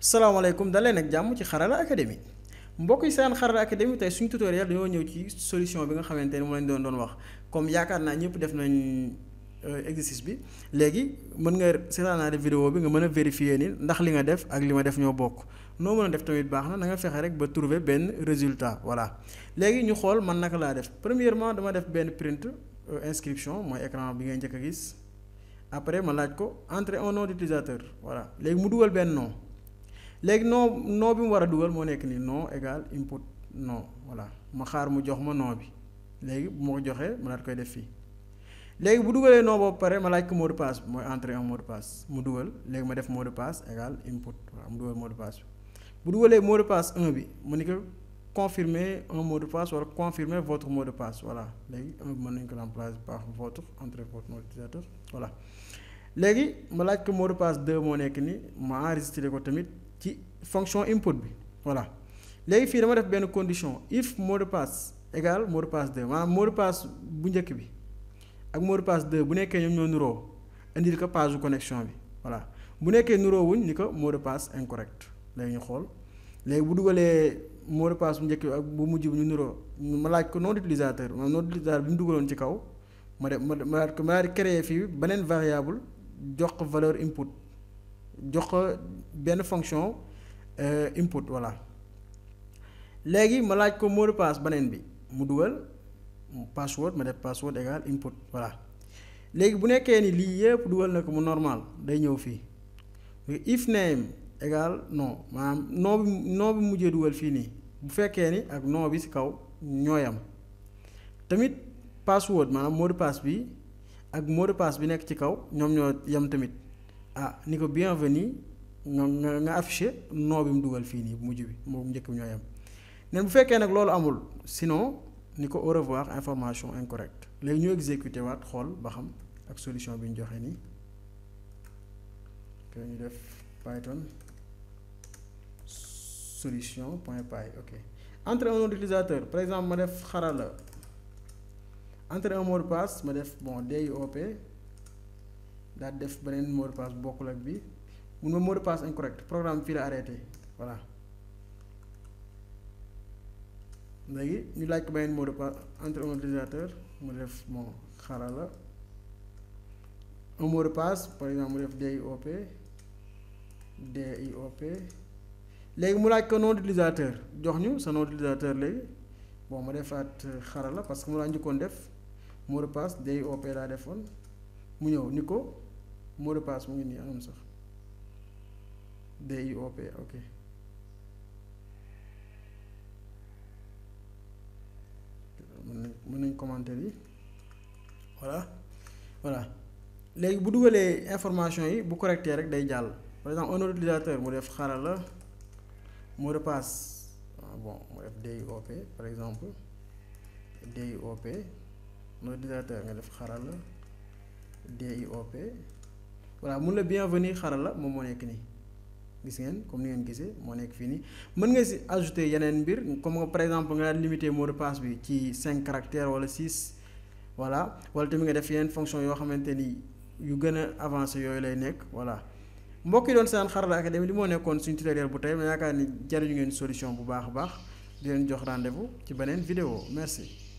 salaamaaleykum daleen ak jàmm ci xarala académie mbokk yi seen xarala académie tey suñu tutoriel dañoo ñëw ci solution bi nga xamante ne moom lañ doon doon wax comme yaakaar naa ñëpp def nañ euh, exercice bi léegi mën nga seetaanaale vidéo bi nga mën a vérifier nii ndax li nga def ak li ma def ñoo bokk noo mën a def tamit baax na na nga fexe rek ba trouver benn résultat voilà léegi ñu xool man naka laa def premièrement dama def benn print euh, inscription mooy écran bi ngay njëkk a gis après ma laaj ko entrer un nom d'utilisateur voilà léegi mu dugal benn nom. léegi noo noo bi mu war a dugal moo nekk nii non égal input non voilà ma xaar mu jox ma non bi léegi moo ma ko joxee ma daal koy def fii léegi bu dugalee non boobu pare ma laaj ko mot de passe mooy entrer un mot de passe mu dugal léegi ma def mot de passe égal input waaw mu dugal mot de passe bi mu ni ko confirmer un mot de passe wala confirmer votre mot voilà léegi 1 bi mën nañu ko remplacer par votre entrer votre mot d'utilisateur voilà léegi ma laaj ko mot de moo nekk ni ma enregistré ko tamit ci fonction impot bi voilà léegi fii dama def benn condition if mot de passe égal mot de passe 2 maanaam mot de passe bu njëkk bi ak mot de passe 2 bu nekkee ñoom ñoo nuroo indil ko page connexion bi voilà bu nekkee nuroo wuñ ni ko mot de passe incorrect léegi ñu xool léegi bu dugalee mot de passe bu njëkk bi ak bu mujj bu ñu nuroo ma laaj ko nom d'utilisateur maanaam nom d'utilisateur bi mu dugaloon ci kaw ma def ma ma ma daal di fii beneen variable jox valeur input. jox ko benn fonction euh, input voilà léegi ma laaj ko mot de passe beneen bi mu dugal password ma def password égal input voilà léegi bu nekkee ni lii yëpp dugal na ko mu normal day ñëw fii if name égal non maanaam non bi non mujjee dugal fii nii bu fekkee ni ak non bi ci kaw ñoo ñooyam tamit password maanaam mot de bi ak mot de bi nekk ci kaw ñoom ñoo yam tamit ah ni ko bienvenue nga nga nga affiché nom bi mu dugal fii nii bu mujj bi moom njëkk bi ñooy am neen bu fekkee nag loolu amul sinon ni ko au revoir information incorrecte léegi ñu exécuté waat xool ba xam ak solution bi ñu joxe nii koy ñu def python solution point py ok entre un nom par exemple ma def xarala entre un mot de ma def bon DIOP daal def beneen mot de passe bokkul ak bi mun ma mot de passe incorrect programme fii la arrêté voilà léegi ñu laaj ko beneen mot de passe entre un utilisateur def moom xarala un mot par exemple mu def DIOP DIOP léegi mu laaj ko nom d'utilisateur jox ñu sa nom d'utilisateur léegi bon ma defaat euh, xarala parce que mu laa njëkkoon def mot de passe DIOP laa defoon mu ñëw ni ko mot de mu ngi nii anam sax DIOP ok mën nañ mën nañ commentaire yi voilà voilà léegi bu dugalee information yi bu correcté rek day jàll par exemple un utilisateur mu def xaaral la mot ah bon mu def DIOP par exemple DIOP un utilisateur nga def xaaral la DIOP voilà mun la bienvenue xarala moom moo nekk nii gis ngeen comme ni ngeen gisee moo nekk fii nii mën nga si ajouter yeneen mbir comme par exemple nga daan limiter mot de passe bi ci cinq caractères wala six voilà wala tamit nga def yeneen fonction yoo xamante ni yu gën a avancé yooyu lay nekk voilà mbokk yi doon seen xarala académie li moo nekkoon suñu tutoriel bu tey yaakaar ni jariñu ngeen solution bu baax a baax di leen jox rendez-vous ci beneen vidéo merci